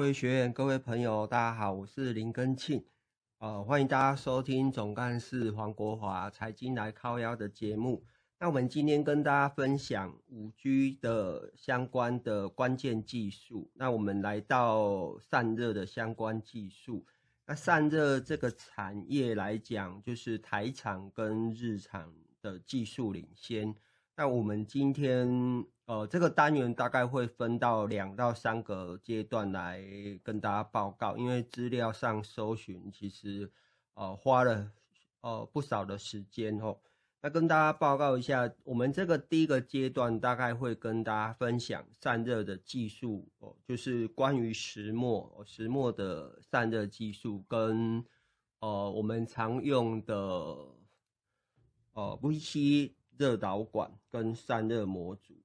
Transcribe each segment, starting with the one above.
各位學員、各位朋友，大家好，我是林根慶，呃，歡迎大家收聽總幹事黃國華財經來靠腰的節目。那我們今天跟大家分享五 G 的相關的關鍵技術。那我們來到散熱的相關技術。那散熱這個產業來講，就是台廠跟日廠的技術領先。那我們今天。呃，這個單元大概會分到兩到三個階段來跟大家報告，因為資料上搜尋其實呃花了呃不少的時間哦，那跟大家報告一下，我們這個第一個階段大概會跟大家分享散熱的技術哦，呃，就是關於石墨，呃，石墨的散熱技術跟呃我們常用的呃 VC 熱導管跟散熱模組。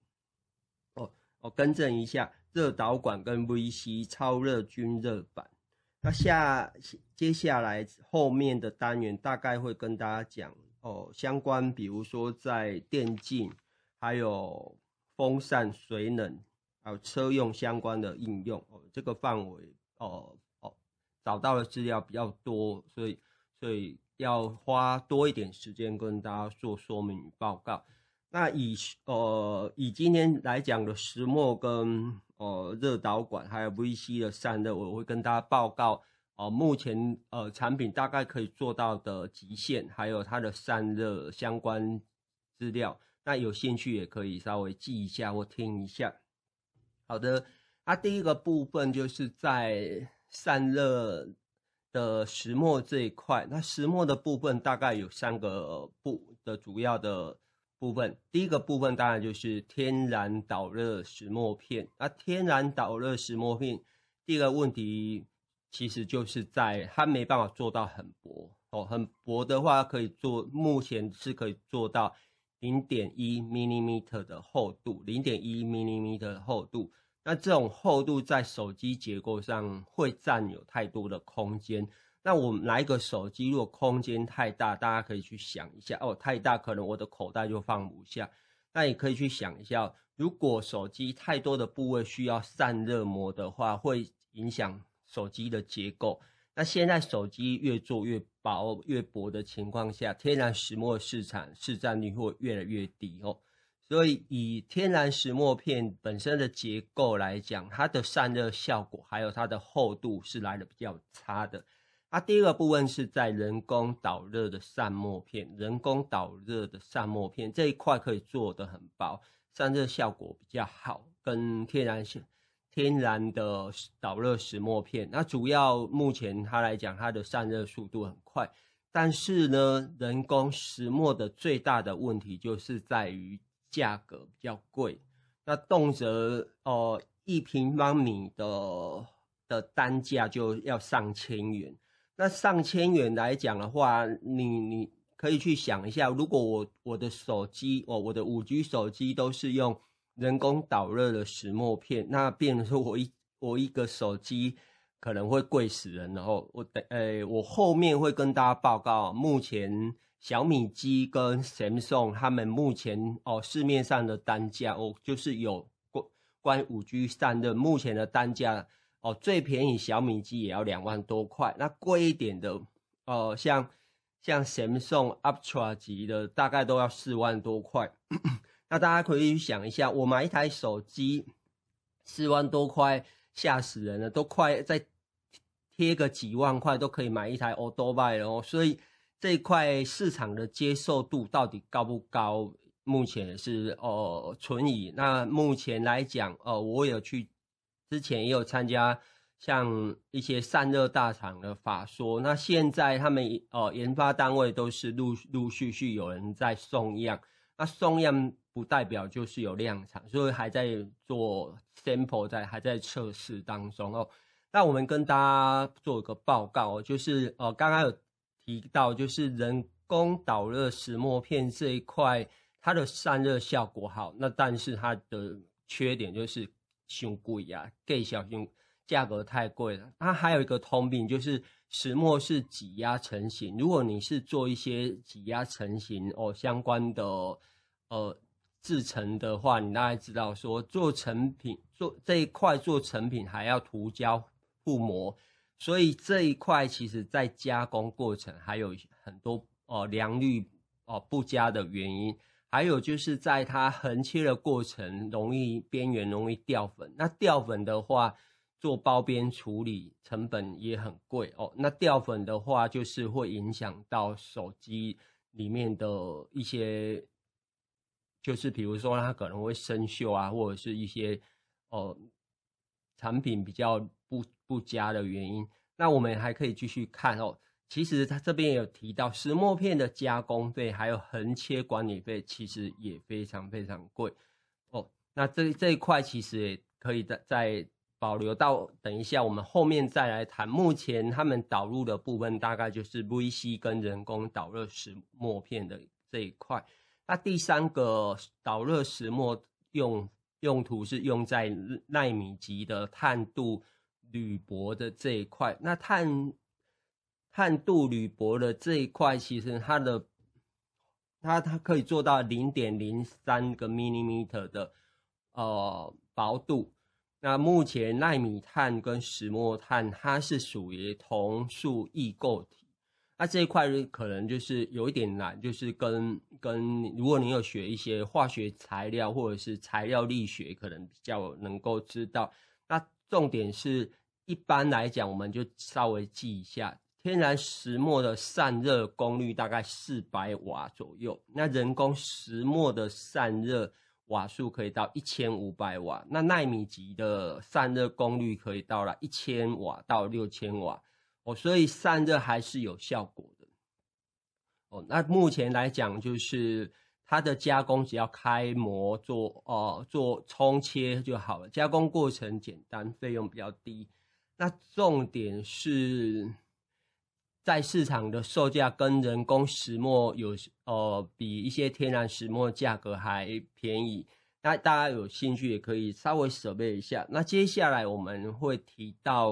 我更正一下，熱導管跟 VC 超熱均熱板。那下接下來後面的單元大概會跟大家講哦，相關，比如說在電競，還有風扇水冷，還有車用相關的應用哦，這個範圍哦哦找到的資料比較多，所以所以要花多一點時間跟大家做說明與報告。那以呃以今天來講的石墨跟呃熱導管，還有 VC 的散熱，我會跟大家報告，呃，目前呃產品大概可以做到的極限，還有它的散熱相關資料。那有興趣也可以稍微記一下或聽一下。好的，那、啊、第一個部分就是在散熱的石墨這一塊。那石墨的部分大概有三個部的主要的。部分第一個部分當然就是天然導熱石墨片。那天然導熱石墨片，第一個問題其實就是在它沒辦法做到很薄哦。很薄的話可以做，目前是可以做到零點一 millimeter 的厚度，零點一 millimeter 的厚度。那這種厚度在手機結構上會佔有太多的空間。那我們拿一個手機，如果空間太大，大家可以去想一下哦，太大可能我的口袋就放不下。那也可以去想一下，如果手機太多的部位需要散熱膜的話，會影響手機的結構。那現在手機越做越薄越薄的情況下，天然石墨的市場市占率會越來越低哦。所以以天然石墨片本身的結構來講，它的散熱效果還有它的厚度是來的比較差的。它、啊、第二個部分是在人工導熱的石墨片，人工導熱的石墨片這一塊可以做得很薄，散熱效果比較好，跟天然性天然的導熱石墨片。那主要目前它來講，它的散熱速度很快，但是呢，人工石墨的最大的問題就是在於價格比較貴，那動輒哦、呃、一平方米的的單價就要上千元。那上千元來講的話，你你可以去想一下，如果我我的手機，哦，我的五 G 手機都是用人工導熱的石墨片，那變成說我一我一個手機可能會貴死人。然、哦、後我等，誒，我後面會跟大家報告，目前小米機跟 Samsung，他們目前哦市面上的單價，哦，就是有關五 G 散熱的目前的單價。哦，最便宜小米機也要兩萬多塊，那貴一點的，呃，像像 Samsung Ultra 級的，大概都要四萬多塊。 那大家可以去想一下，我買一台手機四萬多塊，嚇死人了，都快再貼個幾萬塊都可以買一台歐兜拜了，哦。所以這塊市場的接受度到底高不高？目前是呃存疑。那目前來講，呃，我有去。之前也有參加像一些散熱大廠的法說，那現在他們哦、呃、研發單位都是陸陸續續有人在送樣，那送樣不代表就是有量產，所以還在做 sample，在還在測試當中哦。那我們跟大家做一個報告，就是哦剛剛有提到，就是人工導熱石墨片這一塊，它的散熱效果好，那但是它的缺點就是。太貴呀，給小，用價格太貴了。它還有一個通病，就是石墨是擠壓成型。如果你是做一些擠壓成型哦相關的呃製程的話，你大概知道說做成品，做這一塊做成品還要塗膠覆膜，所以這一塊其實在加工過程還有很多哦、呃、良率哦、呃、不佳的原因。還有就是，在它橫切的過程，容易邊緣容易掉粉。那掉粉的話，做包邊處理成本也很貴哦。那掉粉的話，就是會影響到手機裡面的一些，就是比如說它可能會生鏽啊，或者是一些哦、呃、產品比較不不佳的原因。那我們還可以繼續看哦。其實他這邊也有提到石墨片的加工費，還有橫切管理費，其實也非常非常貴哦。那這這一塊其實也可以再再保留到等一下，我們後面再來談。目前他們導入的部分大概就是 VC 跟人工導熱石墨片的這一塊。那第三個導熱石墨用用途是用在奈米級的碳度鋁箔的這一塊。那碳。碳鍍鋁箔的這一塊，其實它的它它可以做到零點零三個 millimeter 的呃薄度。那目前奈米碳跟石墨碳，它是屬於同素異構體。那這一塊可能就是有一點難，就是跟跟如果你有學一些化學材料或者是材料力學，可能比較能夠知道。那重點是一般來講，我們就稍微記一下。天然石墨的散熱功率大概四百瓦左右，那人工石墨的散熱瓦數可以到一千五百瓦，那奈米級的散熱功率可以到了一千瓦到六千瓦哦，所以散熱還是有效果的哦。那目前來講，就是它的加工只要開模做哦、呃，做沖切就好了，加工過程簡單，費用比較低。那重點是。在市場的售價跟人工石墨有，呃，比一些天然石墨價格還便宜。那大家有興趣也可以稍微儲備一下。那接下來我們會提到，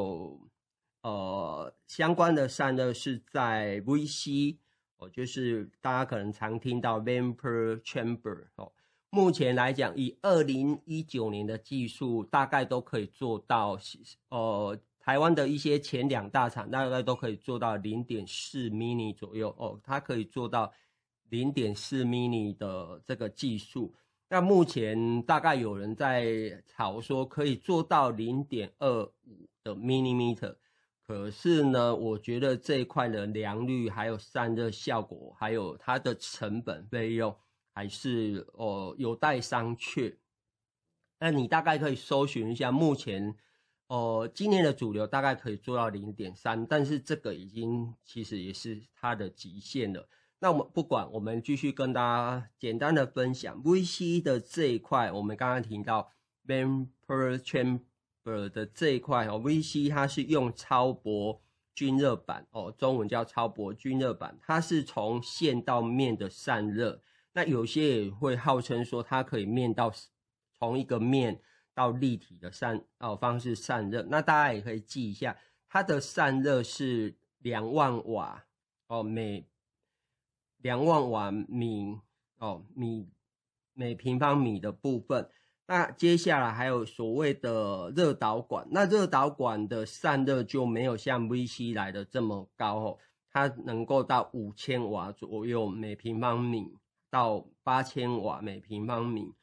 呃，相關的散熱是在 VC，哦，就是大家可能常聽到 vapor chamber 哦。目前來講，以二零一九年的技術，大概都可以做到，呃。台灣的一些前兩大廠大概都可以做到零點四 mini 左右哦，它可以做到零點四 mini 的這個技術。那目前大概有人在炒說可以做到零點二五的 millimeter。可是呢，我覺得這一塊的良率、還有散熱效果、還有它的成本費用，還是哦有待商榷。那你大概可以搜尋一下目前。哦，今年的主流大概可以做到零點三，但是這個已經其實也是它的極限了。那我們不管，我們繼續跟大家簡單的分享 VC 的這一塊。我們剛剛提到 Vapor Chamber 的這一塊哦 VC 它是用超薄均熱板，哦，中文叫超薄均熱板，它是從線到面的散熱。那有些也會號稱說它可以面到從一個面。到立體的散哦方式散熱，那大家也可以記一下，它的散熱是兩萬瓦哦每兩萬瓦米哦米每平方米的部分。那接下來還有所謂的熱導管，那熱導管的散熱就沒有像 VC 來的這麼高哦，它能夠到五千瓦左右每平方米到八千瓦每平方米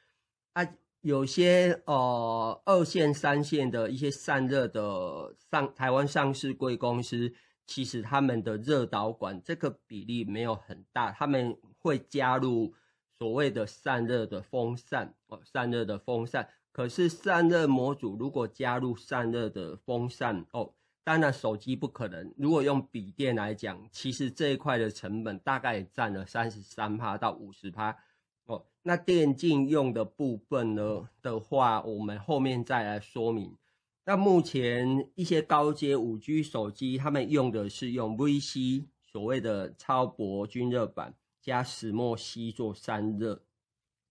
啊。有些呃二線、三線的一些散熱的上台灣上市櫃公司，其實他們的熱導管這個比例沒有很大，他們會加入所謂的散熱的風扇哦，散熱的風扇。可是散熱模組如果加入散熱的風扇哦，當然手機不可能。如果用筆電來講，其實這一塊的成本大概也佔了三十三趴到五十趴。哦、那電競用的部分呢的話，我們後面再來說明。那目前一些高階五 G 手機，他們用的是用 VC 所謂的超薄均熱板加石墨烯做散熱。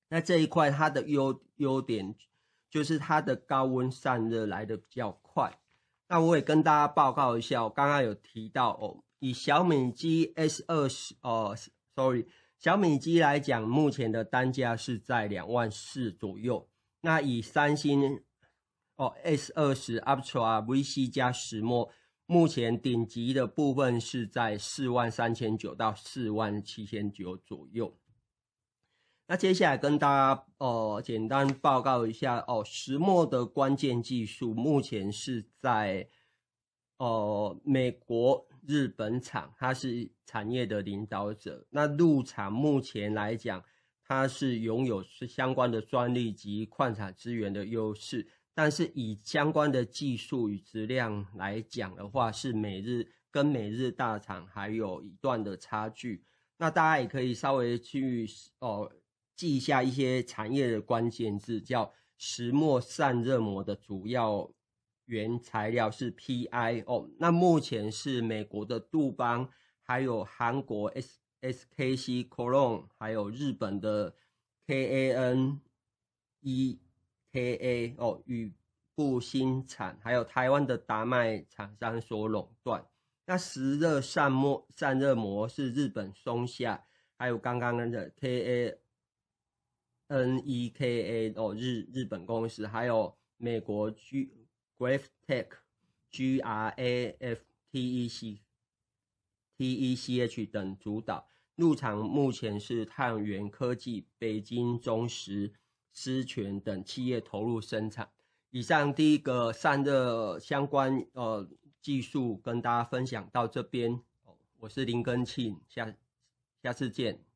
那這一塊它的優優點就是它的高溫散熱來得比較快。那我也跟大家報告一下，我剛剛有提到哦，以小米機 S 二十，哦，sorry。小米機來講，目前的單價是在兩萬四左右。那以三星，哦，S20 Ultra VC 加石墨，目前頂級的部分是在四萬三千九到四萬七千九左右。那接下來跟大家哦、呃、簡單報告一下哦，石墨的關鍵技術目前是在哦、呃、美國。日本廠它是產業的領導者，那陸廠目前來講，它是擁有相關的專利及礦產資源的優勢，但是以相關的技術與質量來講的話，是美日跟美日大廠還有一段的差距。那大家也可以稍微去哦記一下一些產業的關鍵字，叫石墨散熱膜的主要。原材料是 PI 哦，那目前是美國的杜邦，還有韓國 S S K C Kolon 還有日本的 K A N E K A 哦，宇部興產，還有台灣的達邁廠商所壟斷。那時熱散模散熱膜是日本松下，還有剛剛的 K A N E K A 哦，日日本公司，還有美國巨 Graftec、G R A F T E C、T E C H 等主導入場，目前是碳源科技、北京中石、思泉等企業投入生產。以上第一個散熱相關呃技術跟大家分享到這邊，我是林根慶，下下次見。